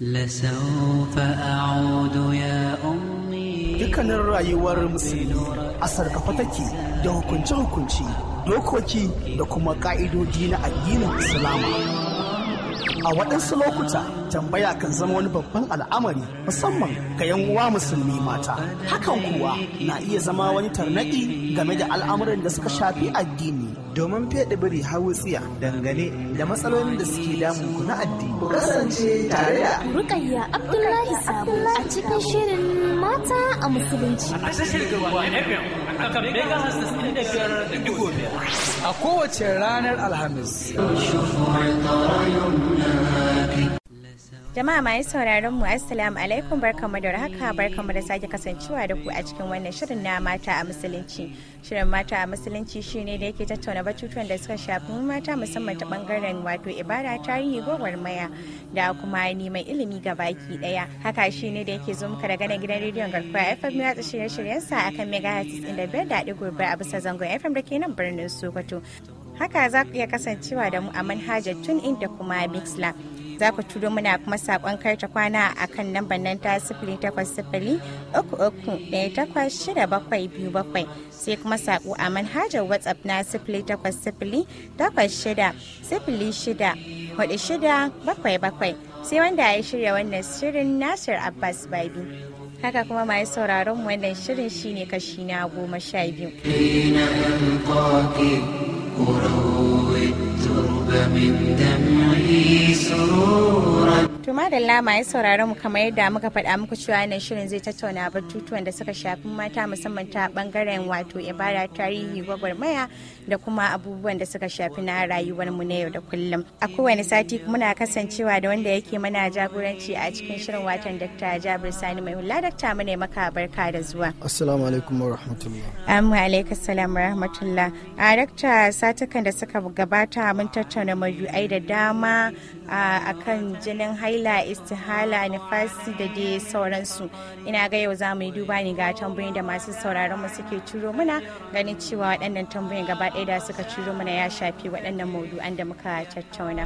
dukkanin rayuwar musulmi a sarkafa da hukunce-hukunce dokoki da kuma ƙa'idodi na addinin islama a waɗansu lokuta tambaya kan zama wani babban al'amari musamman ga 'yan uwa musulmi mata hakan kuwa na iya zama wani tarnaƙi game da al'amuran da suka shafi addini domin feɗe biri hawutsiya dangane da matsalolin da suke damu ku na addini ku kasance tare da rukayya abdullahi sabo a cikin shirin mata a musulunci a kowace ranar alhamis Jama'a masu sauraron mu Assalamu alaikum barkamu da haka barkamu da sake kasancewa da ku a cikin wannan shirin na mata a musulunci. Shirin mata a musulunci shine da yake tattauna batutuwan da suka shafi mata musamman ta bangaren wato ibada tarihi maya da kuma neman ilimi ga baki daya. Haka shine da yake zo muka daga gidan rediyon garkuwa FM ya shirye-shiryen sa akan megahertz inda biyar da a bisa zangon FM da ke nan birnin Sokoto. Haka za ku iya kasancewa da mu a manhajar tun inda kuma Mixla. za ku turo muna kuma sakon karta kwana a kan lambar nan ta sifili takwas sifili uku uku ɗaya takwas shida bakwai biyu bakwai sai kuma sako a manhajar whatsapp na sifili takwas sifili takwas shida sifili shida hudu shida bakwai bakwai sai wanda ya shirya wannan shirin nasir abbas babi haka kuma mai sauraron wannan shirin shine kashi na goma sha biyu Tuma da lama ya sauraro mu kamar yadda muka faɗa muku cewa nan shirin zai tattauna batutuwan da suka shafi mata musamman ta bangaren wato ibada tarihi gwagwarmaya da kuma abubuwan da suka shafi na rayuwar mu na yau da kullum. A kowane sati muna kasancewa da wanda yake mana jagoranci a cikin shirin watan Dr. Jabir Sani mai hula Dr. mu ne maka barka da zuwa. Assalamu alaikum wa rahmatullah. Amma alaikum salam wa rahmatullah. A Dr. satukan da suka gabata mun tattauna na madu'ai da dama a kan jinin haila istihala nifasi da dai sauransu ina ga yau za mu yi duba ne ga tambayin da masu sauraron mu suke ciro mana ganin cewa waɗannan tambayin gaba ɗaya da suka ciro mana ya shafi waɗannan mawdu'an da muka tattauna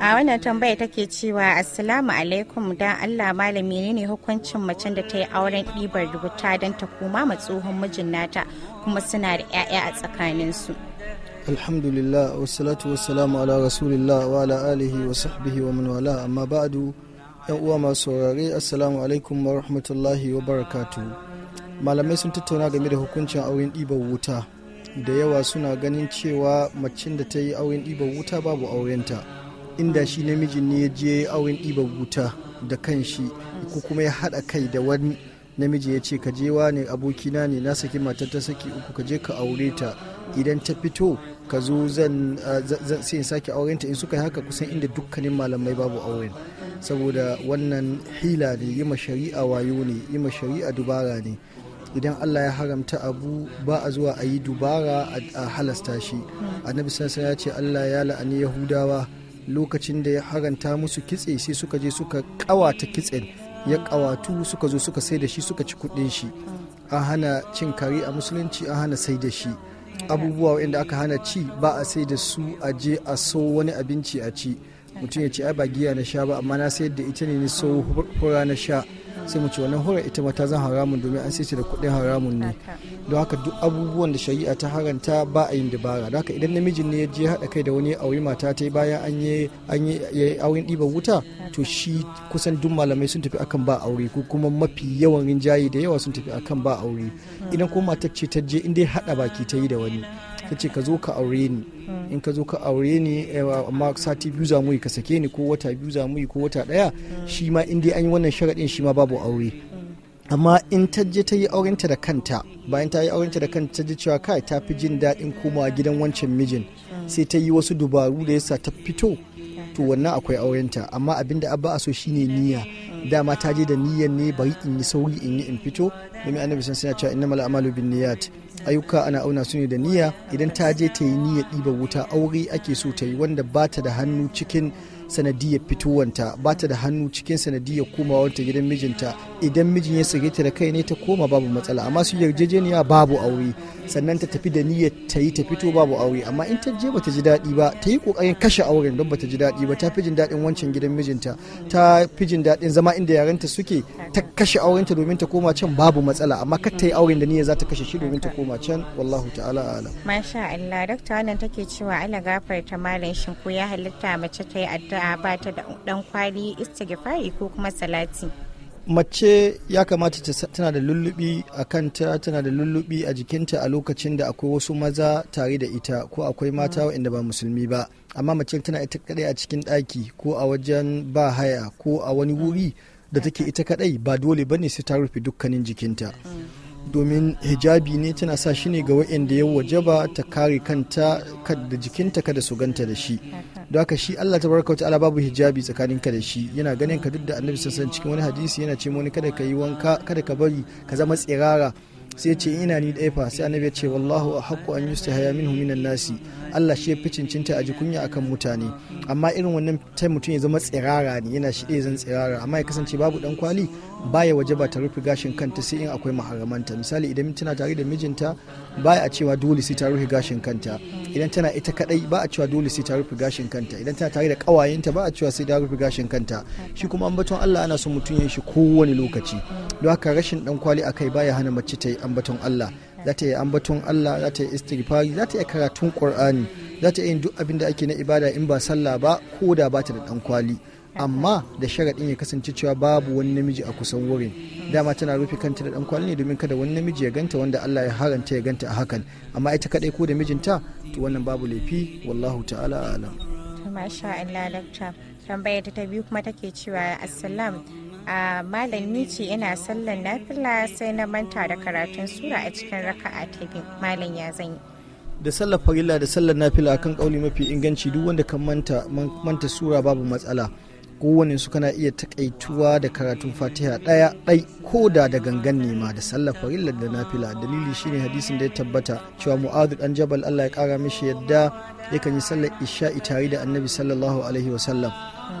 a wannan tambaya take cewa assalamu alaikum dan allah malami ne hukuncin macen da ta yi auren ɗibar rubuta don ta koma ma tsohon mijin nata kuma suna da 'ya'ya a tsakaninsu. su alhamdulillah wasalatu wasalamu ala rasulillah wa ala alihi wa sahbihi wa manwala amma ba'adu yan uwa masu saurare assalamu alaikum wa rahmatullahi wa barakatu malamai sun tattauna game da hukuncin auren ɗibar wuta da yawa suna ganin cewa macin da ta yi auren ɗibar wuta babu aurenta inda shi namijin ne ya je auren ɗibar wuta da kanshi ko kuma ya haɗa kai da wani namiji ya ce ka je wa ne abokina ne na saki matar ta saki uku ka je ka aure ta idan ta fito ka zo zan sai in sake auren ta in suka yi haka kusan inda dukkanin malamai babu auren saboda wannan hila ne yi ma shari'a wayo ne yi ma shari'a dubara ne idan Allah ya haramta abu ba a zuwa a yi dubara a halasta shi annabi sassan ya ce Allah ya la'ani yahudawa lokacin da ya haranta musu kitse sai suka je suka kawata kitsen ya kawatu suka zo suka sai da shi suka ci kudin shi ah. an hana cin kari a musulunci an hana sai da shi abubuwa inda aka hana ci ba a sai da su a je a so wani abinci a ci mutum ya ce ai ba giya na sha ba amma na sayar da ita ne ni so hura na sha sai mu ci wannan horar ita ma ta zan haramun domin an sace da kuɗin haramun ne don haka duk abubuwan da shari'a ta haranta ba a yin dabara don haka idan namijin ne ya je haɗa kai da wani aure mata ta bayan an yi auren ɗiban wuta to shi kusan duk malamai sun tafi akan ba aure ko kuma mafi yawan rinjaye da yawa sun tafi akan ba aure idan ko matar ce ta je in dai haɗa baki ta yi da wani ta ce ka zo ka aure ni hmm. in ka zo ka aure ni eh, amma sati biyu za mu yi ka sake ni ko wata biyu za mu yi ko wata daya hmm. shi ma in dai an yi wannan sharaɗin shi ma babu aure hmm. amma in ta je ta yi aurenta da kanta bayan ta yi aurenta da kanta ta ji cewa kai ta fi jin daɗin komawa gidan wancan mijin sai ta yi wasu dubaru da yasa ta fito to wannan akwai aurenta amma abinda abba a so shine niyya dama ta je da niyyar ne bari in yi sauri in yi in fito domin annabi sun suna cewa innamal a'malu binniyat ayyuka ana auna su ne da niyya idan ta je ta yi niyyar ɗiba wuta aure ake so ta yi wanda ba ta da hannu cikin sanadiyar fitowanta ba ta da hannu cikin sanadiyar ta gidan mijinta idan mijin ya sage ta da kai ne ta koma babu matsala amma su yarjejeniya babu aure sannan ta tafi da niyyar ta yi ta fito babu aure amma in ta je ba ta ji daɗi ba ta yi ƙoƙarin kashe auren don ba ta ji daɗi ba ta fi jin daɗin wancan gidan mijinta ta fi jin daɗin zama inda yaranta suke ta kashe aurenta domin ta koma can babu matsala amma kar ta yi auren da niyyar za ta kashe shi domin ta koma can wallahu ta'ala alam. masha Allah dakta wannan take cewa ala gafarta malam shinku ko ya halitta mace ta yi addu'a ya bata ta da dan kwali istighfari ko kuma salati mace ya kamata tana da lullubi a kanta tana da lullubi a jikinta a lokacin da akwai wasu maza tare da ita ko akwai mata mm. waɗanda ba musulmi ba amma mace tana ita kadai a cikin ɗaki ko a wajen ba haya ko a wani wuri mm. da take ita kadai ba dole bane sai ta rufe dukkanin jikinta mm. domin hijabi ne tana sa shi ne ga waɗanda ya wajaba ta kare kanta da jikinta kada su ganta da shi don haka shi Allah ta baraka ta'ala babu hijabi tsakanin ka da shi yana ganin ka duk da annabi sassan cikin wani hadisi yana ce wani kada ka yi wanka kada ka bari ka zama tsirara sai ce ina ni ɗaya fa sai annabi ya ce wallahu a hakku an yusta haya minhu minan nasi Allah shi fi cincinta a jikunya akan mutane amma irin wannan ta mutum ya zama tsirara ne yana shi ɗaya zan tsirara amma ya kasance babu dan kwali baya waje ba ta rufe gashin kanta sai in akwai maharamanta misali idan tana tare da mijinta baya a cewa dole sai ta rufe gashin kanta idan tana ita kadai ba a cewa dole sai ta rufe gashin kanta idan tana tare da kawayenta ba a cewa sai ta rufe gashin kanta shi kuma an baton Allah ana son mutum ya shi kowane lokaci don haka rashin dan kwali akai baya hana mace ta yi ambaton Allah za ta yi ambaton Allah za ta yi istighfari za ta yi karatun Qur'ani za ta yi duk abin da ake na ibada in ba sallah ba ko da ba ta da dan kwali amma da sharaɗin ya kasance cewa babu wani namiji a kusan wurin dama tana rufe kanta da dan kwali ne domin kada wani namiji ya ganta wanda Allah ya haranta ya ganta a hakan amma ita kadai ko da mijinta to wannan babu laifi wallahu ta'ala alam masha Allah ta biyu kuma take cewa assalam a malami ce yana sallan nafila sai na manta da karatun sura a cikin raka'a ta biyu malam ya zanyi da sallar farilla da sallar nafila akan kauli mafi inganci duk wanda kan manta manta sura babu matsala kowane su kana iya takaituwa da karatun fatiha daya dai ko da da gangan nema da sallar farilla da nafila dalili shine hadisin da ya tabbata cewa mu'adhu dan jabal Allah ya kara mishi yadda yakan yi sallar isha'i tare da annabi sallallahu alaihi wasallam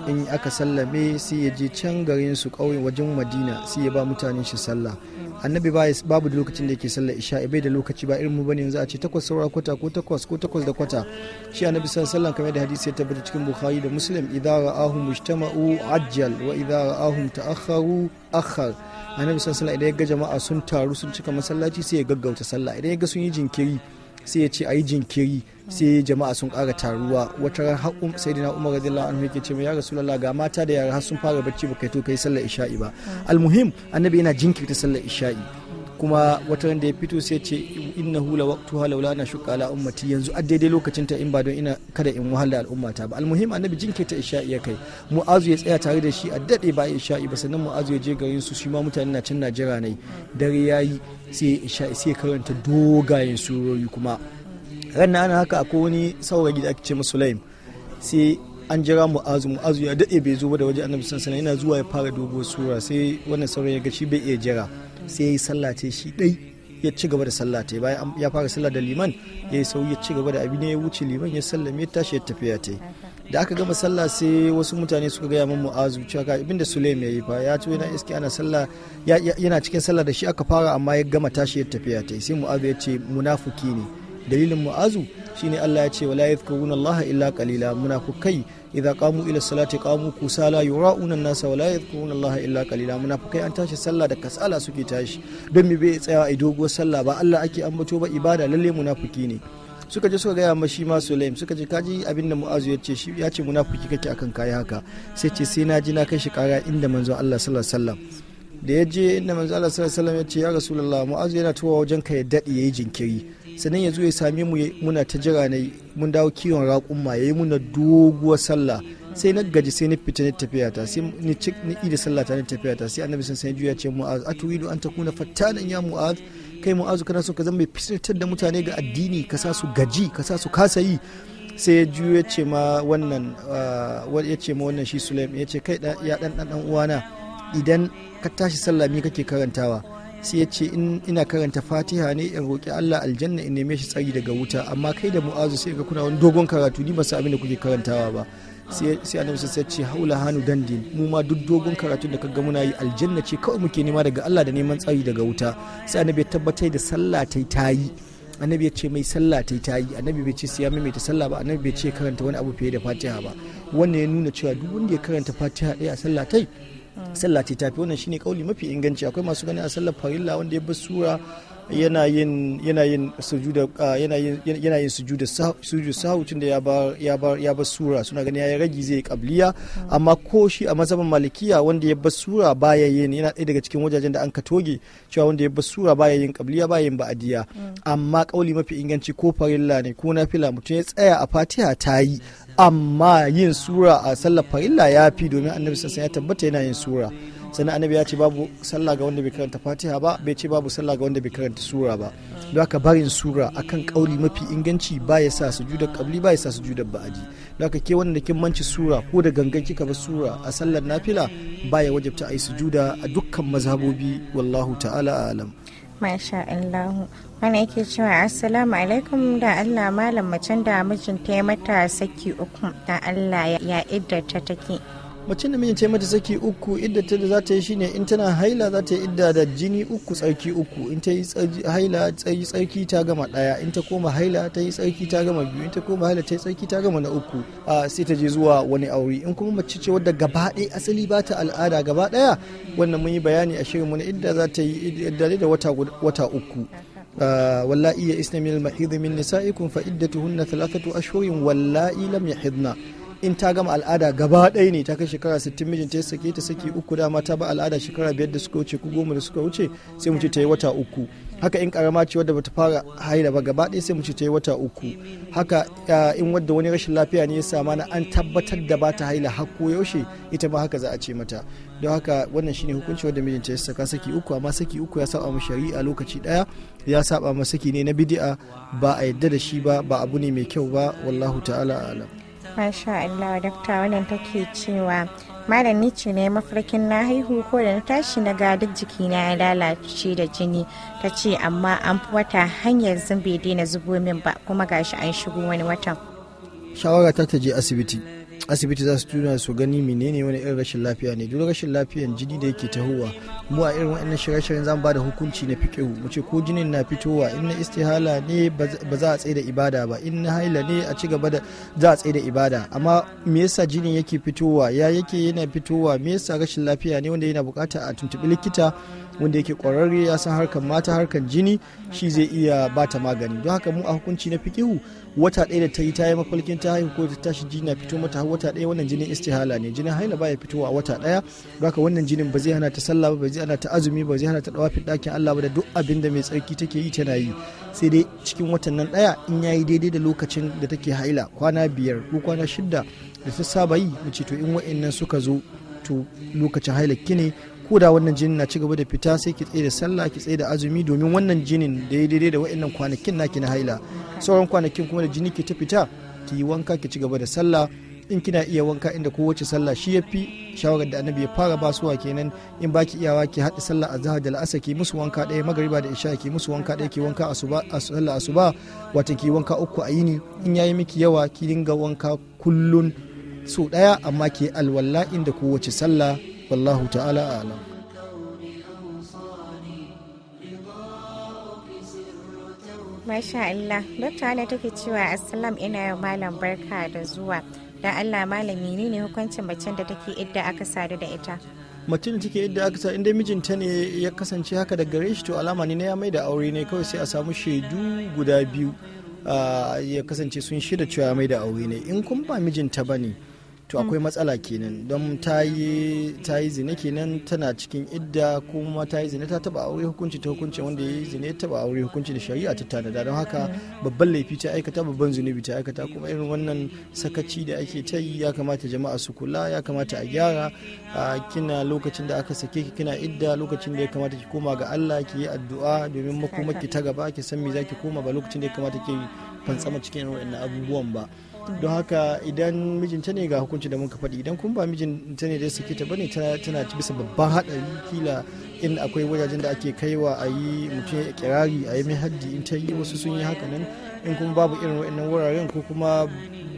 in aka sallame sai ya je can garin su kauye wajen madina sai ya ba mutanen shi sallah annabi babu da lokacin da yake sallar isha bai da lokaci ba irin mu bane yanzu a ce takwas saura kwata ko takwas ko takwas da kwata shi annabi san sallah kamar da hadisi ya tabbata cikin bukhari da muslim idza ra'ahu mujtama'u ajjal wa idza ra'ahum ta'akharu akhar annabi san sallah idan ya ga jama'a sun taru sun cika masallaci sai ya gaggauta sallah idan ya ga sun yi jinkiri sai ya ce a yi jinkiri sai jama'a sun kara taruwa wata ran har um, sai dina umar radiyallahu anhu yake ce ya rasulullah ga mata da yara har sun fara bacci ba kai to kai sallar isha'i ba mm. almuhim annabi yana jinkirta sallar isha'i kuma wata wanda ya fito sai ce inna hula hala halawla na shuka ala ummati yanzu a daidai lokacin ta in ba don ina kada in wahala al'ummata ba almuhim annabi jinke ta isha'i ya kai mu'azu ya tsaya tare da shi a dade ba isha'i ba sannan mu'azu ya je garin su shi ma mutane na can jira ne dare yayi sai isha'i sai karanta dogayen surori kuma ran ana haka akwai wani saurayi gida ake ce sulaim sai an jira mu'azu mu'azu ya dade bai zo ba da waje annabi sallallahu alaihi yana zuwa ya fara dogo sura sai wannan saurayi ya ga shi bai iya jira sai ya yi sallah ce shi ɗai ya ci gaba da sallah ta bayan ya fara sallah da liman ya yi sauyi ya ci gaba da abin ya wuce liman ya sallame tashi ya tafiya ta da aka gama sallah sai wasu mutane suka gaya min mu'azu cewa ka abinda sulaim ya yi fa ya ce ana sallah yana cikin sallah da shi aka fara amma ya gama tashi ya tafiya ta sai mu'azu ya ce munafuki ne dalilin mu'azu shine Allah ya ce wala yadhkuruna Allah illa qalila munafukai idza qamu ila salati qamu kusala yura'una an-nasa wala yadhkuruna Allah illa qalila munafukai an tashi sallah da kasala suke tashi don mi bai tsaya a dogo sallah ba Allah ake ambato ba ibada lalle munafiki ne suka je suka gaya mashi ma Sulaim suka ce kaji abin da Mu'azu ya ce shi ya ce munafiki kake akan kai haka sai ce sai na ji na kai shi kara inda manzon Allah sallallahu alaihi wasallam da ya je inda manzo Allah sallallahu alaihi wasallam ya ce ya rasulullah mu'azu yana tuwa wajen ka ya dadi yayi jinkiri sannan ya zo ya same mu muna ta jira ne mun dawo kiwon raƙumma ya yi muna doguwa sallah sai na gaji sai na fita na tafiya ta sai ni cik ni ida sallah ta na tafiya ta sai annabi sun san juya ce mu'az atuwidu an takuna fattanan ya mu'az kai mu'azu kana so ka zama mai fitar da mutane ga addini ka sa su gaji ka sa su kasa yi sai ya juyo ya ce ma wannan ah, ya ce ma wannan shi sulaim ya ce kai ya dan dan uwana idan ka tashi sallah mi kake karantawa sai ya ce ina karanta fatiha ne in roƙi Allah aljanna in neme shi tsari daga wuta amma kai da mu'azu sai ga kuna wani dogon karatu ni ba su abin da kuke karantawa ba sai annabi sai ce haula hanu dandin mu ma duk dogon karatu da ka ga muna yi aljanna ce kawai muke nema daga Allah da neman tsari daga wuta sai annabi ya tabbatar da sallah tai tayi annabi ya ce mai sallah tai tayi annabi bai ce sai ya maimaita sallah ba annabi bai ce karanta wani abu fiye da fatiha ba wannan ya nuna cewa duk wanda ya karanta fatiha ɗaya a sallah tai sallah ce tafi wannan shine kauli mafi inganci akwai masu gani a sallar farilla wanda ya bi sura yana yin yana yin sujuda yana sujuda sahu tunda ya ya ba ya sura suna ganin yayi ragi zai kabliya hmm. amma ko shi a mazhaban malikiya wanda ya ba sura baya yin yana ɗaya daga cikin wajajen da an ka toge cewa wanda ya ba sura baya yin kabliya baya yin ba'adiya hmm. amma kauli mafi inganci ko farilla ne ko na nafila mutum ya tsaya a fatiha ta yi amma yin sura a sallar farilla ya fi domin annabi sassan ya tabbata yana yin sura sannan annabi ya ce babu sallah ga wanda bai karanta fatiha ba bai ce babu sallah ga wanda bai karanta sura ba don haka barin sura akan kauli mafi inganci ba ya sa su juda kabli ba ya sa su juda ba'adi don haka ke wanda kin manci sura ko da gangan kika ba sura a sallar nafila ba ya wajabta a yi su juda a dukkan mazhabobi wallahu ta'ala alam masha Allah wani yake cewa assalamu alaikum da Allah malam macen da mijinta ya mata saki uku da Allah ya iddata take mace namijin ce mata saki uku idda ta da za ta yi shine in tana haila za ta yi idda da jini uku tsarki uku in ta yi haila yi tsarki ta gama daya in ta koma haila ta yi tsarki ta gama biyu in ta koma haila ta yi tsarki ta gama na uku sai ta je zuwa wani aure in kuma mace ce wadda gaba ɗaya asali ba ta al'ada gaba ɗaya wannan mun yi bayani a shirin wani idda za ta yi idda da wata uku wallahi ya isna min al-mahidh min nisa'ikum fa iddatuhunna thalathatu ashhurin wallahi lam yahidna in ta gama al'ada gaba ɗaya ne ta kai shekara 60 mijinta ya sake ta saki uku dama ta ba al'ada shekara biyar da suka wuce ko goma da suka wuce sai mu ce ta yi wata uku haka in karama ce wadda bata fara haila ba gaba ɗaya sai mu ce ta yi wata uku haka in wadda wani rashin lafiya ne ya sama na an tabbatar da bata haila har ko yaushe ita ma haka za a ce mata don haka wannan shine hukunci wadda mijinta ya saka saki uku amma saki uku ya saba ma shari'a lokaci ɗaya ya saba ma saki ne na bidi'a ba a yadda da shi ba ba abu ne mai kyau ba wallahu ta'ala alam Masha Allah dakta wannan take cewa malami ce ne mafarkin na haihu ko da na tashi na ga duk na ya lalace da jini ta ce amma an fi wata hanyar zan bai daina zubo min ba kuma gashi an shigo wani watan. Shawara ta je asibiti. asibiti za su tuna su gani menene wani irin rashin lafiya ne duk rashin lafiyan jini da yake tahowa mu a irin wannan shirye-shiryen zamu bada hukunci na fiqhu mu ce ko jinin na fitowa in na istihala ne ba za a tsaye da ibada ba in na haila ne a ci gaba da za a tsaye da ibada amma me yasa jinin yake fitowa ya yake yana fitowa me yasa rashin lafiya ne wanda yana bukata a tuntubi likita wanda yake kwararre ya san harkan mata harkan jini shi zai iya bata magani don haka mu a hukunci na fikihu wata ɗaya da ta yi ta yi mafalkin ta haihu ko ta tashi jini na fito mata wata ɗaya wannan jinin istihala ne jinin haila baya fitowa a wata ɗaya haka wannan jinin ba zai hana ta sallah ba zai hana ta azumi ba zai hana ta dawafin ɗakin Allah ba da duk abin da mai tsarki take yi tana yi sai dai cikin watan nan ɗaya in yayi daidai da lokacin da take haila kwana biyar ko kwana shidda da ta saba yi mace to in wa'annan suka zo to lokacin haila ne ko da wannan jinin na cigaba da fita sai ki tsaye da sallah ki tsaye da azumi domin wannan jinin da ya daidai da wa'annan kwanakin naki na haila sauran kwanakin kuma da jini ke ta fita ki yi wanka ki ci gaba da sallah in kina iya wanka inda kowace sallah shi ya fi shawarar da annabi ya fara basuwa kenan in baki iyawa ki haɗa sallah a zahar da la'asar ki musu wanka ɗaya magariba da isha ki musu wanka ɗaya ki wanka a sallah asuba wata ki wanka uku a yini in yayi miki yawa ki dinga wanka kullun so ɗaya amma ki alwala inda kowace sallah wallahu ta'ala a'lam Masha Allah, Dokta Ana take cewa Assalam ina yau malam barka da zuwa. da allah malami ne ne hukuncin macen da take idda aka sadu da ita mutum da take idda aka sadu inda mijinta ne ya kasance haka da gare shi to alama ne na ya mai da aure ne kawai sai a samu shaidu guda biyu ah, ya kasance sun shida cewa ya mai da aure ne in kun ba mijinta ba ne to akwai mm. matsala kenan don ta yi zina kenan tana cikin idda kuma ta yi zina ta taba aure hukunci ta hukunci wanda ya yi zina ya taba aure hukunci da shari'a ta tanada don haka mm. babban laifi ta aikata babban zunubi ta aikata kuma irin wannan sakaci da ake ta yi ya kamata jama'a su kula ya kamata a gyara kina lokacin da aka sake ki kina idda lokacin da ya kamata ki koma ga Allah ki yi addu'a domin ki ta gaba ki san me zaki koma ba lokacin da ya kamata ki fantsama cikin irin abubuwan ba don haka idan mijinta ne ga hukunci da muka faɗi idan kun ba mijinta ne da ya sake ta bane tana bisa babban haɗari kila in akwai wajajen da ake kaiwa a yi mutum ya kirari a yi mai haddi in ta yi wasu sun yi haka nan in kuma babu irin wa'annan wuraren ko kuma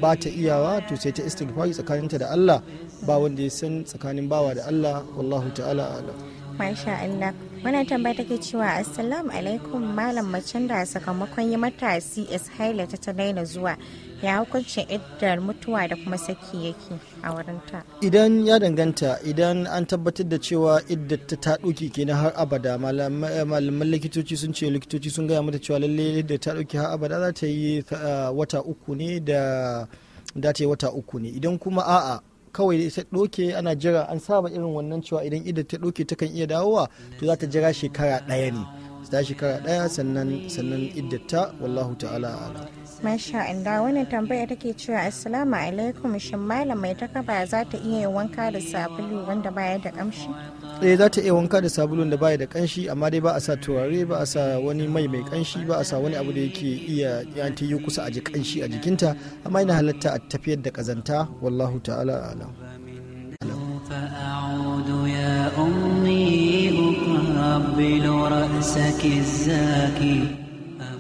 ba ta iyawa to sai ta istighfari tsakaninta da Allah ba wanda ya san tsakanin bawa da Allah wallahu ta'ala alam masha Allah muna tambaya take cewa assalamu alaikum malam macen da sakamakon yi mata cs haila ta daina zuwa ya hukuncin iddar mutuwa da kuma saki yake a wurinta idan ya danganta idan an tabbatar da cewa iddar ta ta ɗauki kenan har abada malaman likitoci sun ce likitoci sun gaya mata cewa lalle iddar ta ɗauki har abada za ta yi ah, wata uku ne da da ta yi wata uku ne idan kuma a'a kawai da isa doke ana jira an saba irin wannan cewa idan idar ta doke takan iya dawowa to za ta jira shekara ɗaya ne ta shekara ɗaya sannan sannan iddata wallahu ta'ala ala Masha inda wannan tambaya take cewa Assalamu alaikum shin malam ta kaba za ta iya yin wanka da sabulu wanda baya da kamshi? Eh za ta iya wanka da sabulun da baya da kamshi amma dai ba a sa turare ba a sa wani mai mai kamshi ba a sa wani abu da yake iya yanti yi kusa a ji kamshi a jikinta amma yana halatta a tafiyar da kazanta wallahu ta'ala alam.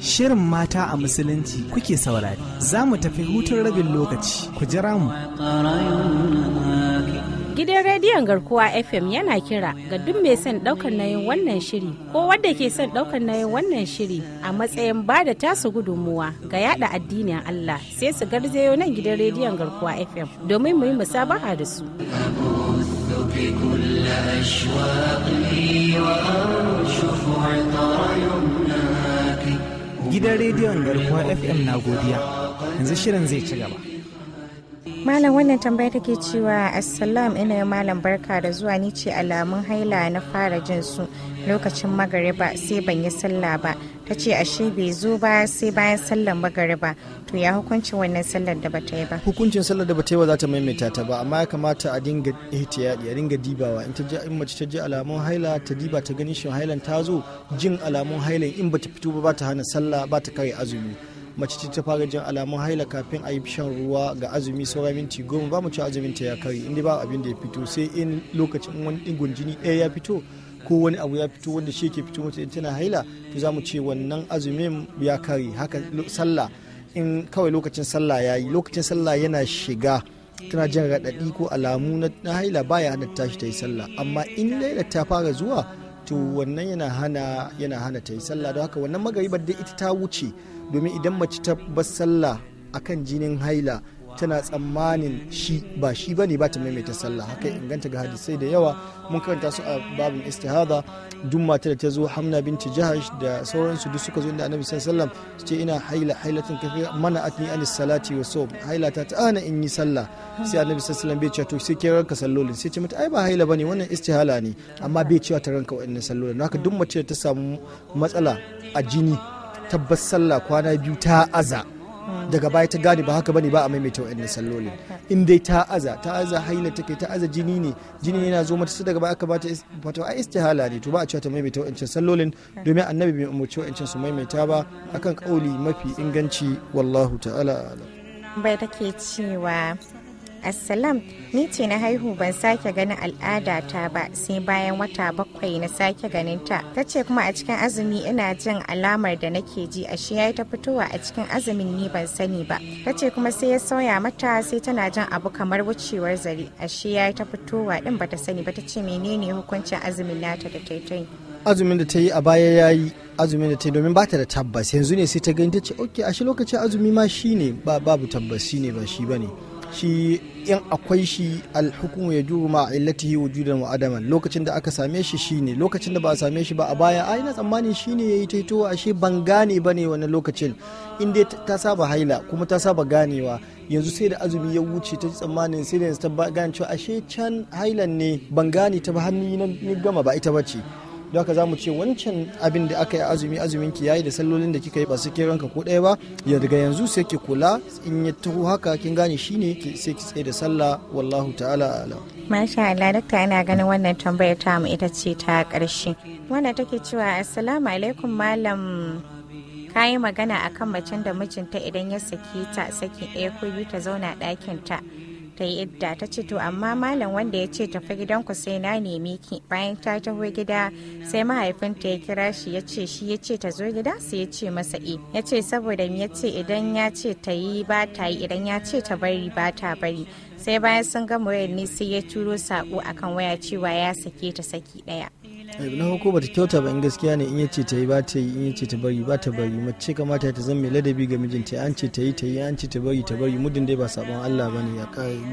Shirin mata a musulunci kuke saurari. Za mu tafi hutun rabin lokaci, ku jira mu. Gidan rediyon garkuwa FM yana kira ga duk mai son daukar nayin wannan shiri ko wadda ke son daukar nayin wannan shiri a matsayin ba da tasu gudunmuwa ga yada addinin Allah sai su garzayo nan gidan rediyon garkuwa FM domin mu yi musabaha da su. Gidan rediyon garkuwa FM na godiya, yanzu shirin zai ci gaba. Malam wannan tambaya take cewa Assalam ina malam barka da zuwa ni ce alamun haila na fara jin su lokacin magariba sai ban yi sallah ba ta ce ashe bai zo ba sai bayan sallar magariba to ya hukuncin wannan sallar da bata yi ba hukuncin sallar da bata yi ba za ta maimaita ta ba amma ya kamata a dinga ihtiyadi a dinga dibawa in ta in mace ta ji alamun haila ta diba ta gani shin hailan ta zo jin alamun hailan in bata fito ba ba ta hana sallah ba ta kare azumi mace ce ta fara jin alamun haila kafin a yi shan ruwa ga azumi saura minti goma ba mu ci azumin ta ya kare inda ba abin da ya fito sai in lokacin wani digon jini ɗaya ya fito ko wani abu ya fito wanda shi ke fito mata in tana haila to za mu ce wannan azumin ya kare haka sallah in kawai lokacin sallah ya yi lokacin sallah yana shiga tana jin raɗaɗi ko alamu na haila baya hana tashi ta yi sallah amma in laila ta fara zuwa to wannan yana hana yana hana ta yi sallah don haka wannan magaribar da ita ta wuce domin idan mace ta bar sallah akan jinin haila tana tsammanin shi ba shi ba ne ba ta maimaita sallah haka inganta ga hadisai da yawa mun karanta su a babin istihada duk mata da ta zo hamna binti jahash da sauransu duk suka zo inda annabi sallallahu alaihi wasallam su ce ina haila hailatin kafi mana atni anis salati wa sawm haila ta ta ana in yi sallah sai annabi sallallahu alaihi wasallam bai ce to sai ke ranka sallolin sai ce mata ai ba haila bane wannan istihala ne amma bai cewa ta ranka wa'annan sallolin haka duk mace da ta samu matsala a jini tabbas sallah kwana biyu ta aza daga baya ta gane ba haka bane ba a maimaita wa'annan sallolin in dai ta aza ta aza haila take ta aza jini ne jini yana zo mata su daga baya aka bata wato a istihala ne to ba a cewa ta maimaita wa'ancan sallolin domin annabi bai umurci wa'ancan su maimaita ba akan kauli mafi inganci wallahu ta'ala bai take cewa assalam ni ce na haihu ban sake ganin al'adata ba sai bayan wata bakwai na sake ganin ta ce kuma a cikin azumi ina jin alamar da nake ji a shi ta fitowa a cikin azumin ni ban sani ba ta ce kuma sai ya sauya mata sai tana jin abu kamar wucewar zari a shi ta fitowa din bata sani ba ta ce menene hukuncin azumin nata da taitai azumin da ta yi a baya ya yi azumin da ta yi domin bata da tabbas yanzu ne sai ta gani ta ce ok ashe lokacin azumi ma shine ba babu tabbas shine ba shi bane shi in akwai shi alhukumu ya juru ma yi wujudan wa adaman lokacin da aka same shi shine lokacin da ba a same shi ba a baya ai na tsammani ya yi taito ashe ban gane bane wani lokacin in dai ta saba haila kuma ta saba ganewa yanzu sai da azumi ya wuce ta tsammanin sai da ta gane cewa ashe can hailan ne ban gane ta ba hannu na gama ba ita bace don haka za mu ce wancan abin da aka yi azumi azumin ki yayi da sallolin da kika yi ba su ke ranka ko ɗaya ba ya daga yanzu sai ki kula in ya taho haka kin gane shi ne sai ki tsaye da sallah wallahu ta'ala ala masha Allah dakta ina ganin wannan tambayar ta mu ita ce ta karshe. wanda take cewa assalamu alaikum malam ka yi magana akan macen da mijinta idan ya saki ta saki ɗaya ko biyu ta zauna ɗakin ta ta yi idda ta ce to amma malam wanda ya ce tafi gidanku sai na nemi ki bayan ta taho gida sai mahaifinta ya kira shi ya ce shi ya ce ta zo gida sai ya ce masa e ya ce saboda ya ce idan ya ce ta yi ba ta yi idan ya ce ta bari ba ta bari sai bayan sun gama wayar ne sai ya turo sako akan waya cewa ya sake ta saki ɗaya. na farko bata kyauta ba in gaskiya ne in ya ce ta yi ba ta yi in ya ce ta bari ba ta bari mace kamata ta zama mai ladabi ga mijinta an ce ta yi ta yi an ce ta bari ta bari muddin dai ba sabon Allah ba ne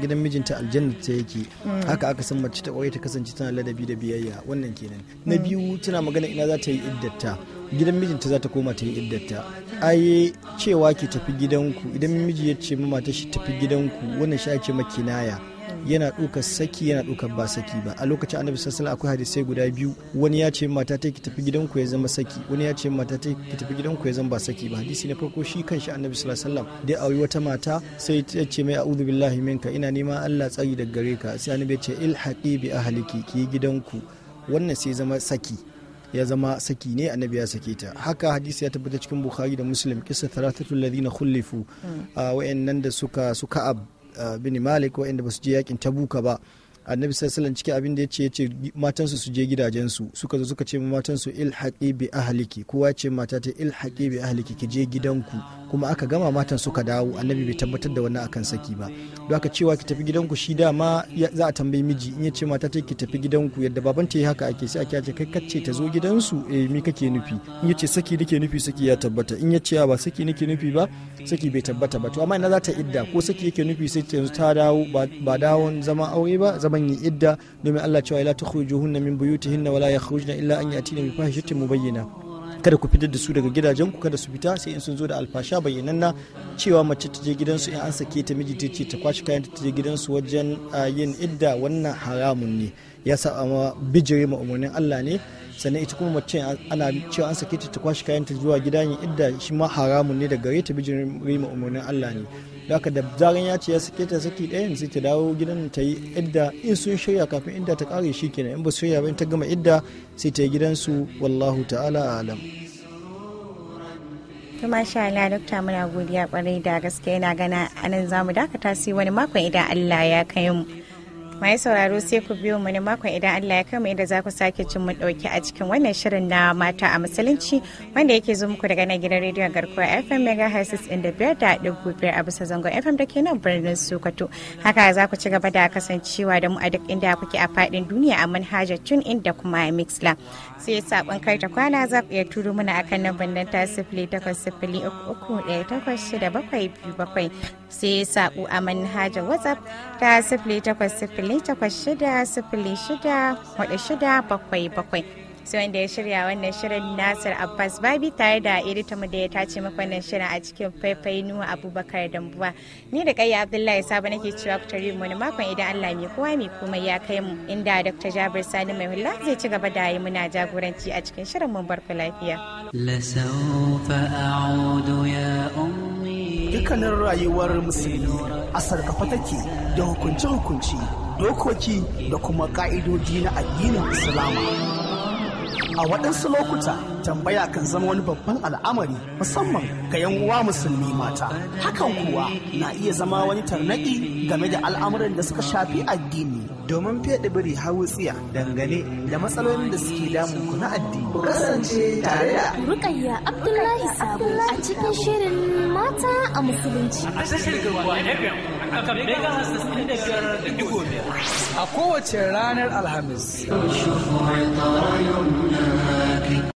gidan mijinta aljanna ta yake mm. haka aka san mace ta kwaye ta kasance tana ladabi da biyayya wannan kenan na mm. biyu tana magana ina za ta yi iddata gidan mijinta za ta koma ta yi iddata ai cewa ki tafi gidanku idan miji ya ce ma mata shi tafi gidanku wannan shi ake makinaya yana ɗaukar saki yana ɗaukar ba saki ba a lokacin annabi sallallahu akwai hadisai guda biyu wani ya ce mata ta ki tafi gidanku ya zama saki wani ya ce mata ta ki tafi gidanku ya zama ba saki ba hadisi na farko shi kanshi annabi sallallahu alaihi wasallam dai auri wata mata sai ta ce mai a'udhu billahi minka ina nema Allah tsari da gare ka sai annabi ya ce ilhaqi bi ahliki ki gidanku wannan sai zama saki ya zama saki ne annabi ya sake ta haka hadisi ya tabbata cikin bukhari da muslim kisa thalathatul ladina khulifu hmm. ah, wa'annan da suka suka ab bin malik waɗanda ba su je yakin tabuka ba annabi sallallahu cikin abin da yace yace matansu su je gidajensu suka zo suka ce matansu ilhaqi bi ahliki kowa ce mata ta ilhaqi bi ahliki ki je gidanku kuma aka gama matan suka dawo annabi bai tabbatar da wannan akan saki ba don haka cewa ki tafi gidanku shi dama za a tambayi miji in yace mata ta ki tafi gidanku yadda baban ta yi haka ake sai ake ce kai kacce ta zo gidansu eh mi kake nufi in yace saki nake nufi saki ya tabbata in yace ba saki nake nufi ba saki bai tabbata ba to amma ina za ta idda ko saki yake nufi sai ta yanzu ta dawo ba dawon zama aure ba zaman yi idda domin Allah cewa ila tukhrijuhunna min buyutihinna wala yakhrujna illa an yatina bi fahishatin mubayyana kada ku fitar da su daga gidajenku kada su fita sai in sun zo da alfasha bayyananna cewa mace ta je gidansu in an sake ta miji ce ta kwashi kayan ta je gidansu wajen ah, yin idda wannan haramun ne ya sa ma bijire ma umarnin Allah ne sannan ita kuma mace ana cewa an sake ta ta kwashi kayan ta zuwa gida yin idda shi ma haramun ne da gare ta bijin rima umarnin Allah ne da haka da zaran ya ce ya sake ta saki ɗaya sai ta dawo gidan ta yi idda in sun shirya kafin idda ta kare shi kenan in ba su shirya ba in ta gama idda sai ta yi su wallahu ta'ala alam to masha Allah dokta muna godiya kwarai da gaske yana gana anan zamu dakata sai wani makon idan Allah ya kai mu mai sauraro sai ku biyo mu ne makon idan Allah ya kama inda za ku sake cin mu dauki a cikin wannan shirin na mata a musulunci wanda yake zo muku daga nan gidan rediyon garkuwa FM megahertz da biyar da ɗigo biyar a bisa zangon FM da ke nan birnin Sokoto haka za ku ci gaba da kasancewa da mu a duk inda kuke a fadin duniya a manhajar tun inda kuma a Mixla sai sabon kai ta kwana za ku iya turo mana akan nan bandan ta sifili sai saƙo a manhajar WhatsApp ta sifili takwas sifili sifili shida sifili shida shida bakwai bakwai wanda ya shirya wannan shirin nasir abbas babi tare da mu da ya tace maka shirin a cikin faifai nuwa abubakar dambuwa ni da kai abdullahi saba nake cewa ku tare mu makon idan allah mai kowa mai kuma ya kai mu inda dr jabir sani mai hula zai ci gaba da yi muna jagoranci a cikin shirin mun barku lafiya dukkanin rayuwar musulmi a take da hukunce-hukunce dokoki da kuma ka'idoji na addinin Islama. A waɗansu lokuta tambaya kan zama wani babban al'amari musamman ga 'yan uwa musulmi mata. Hakan kuwa na iya zama wani tarnaki game da al'amuran da suka shafi addini. Domin fiye biri hawu tsiya dangane da matsalolin da suke damun ku na addini. Ku kasance tare da Rukayya Abdullahi Sabo a cikin shirin mata a musulunci. a kowace ranar alhamis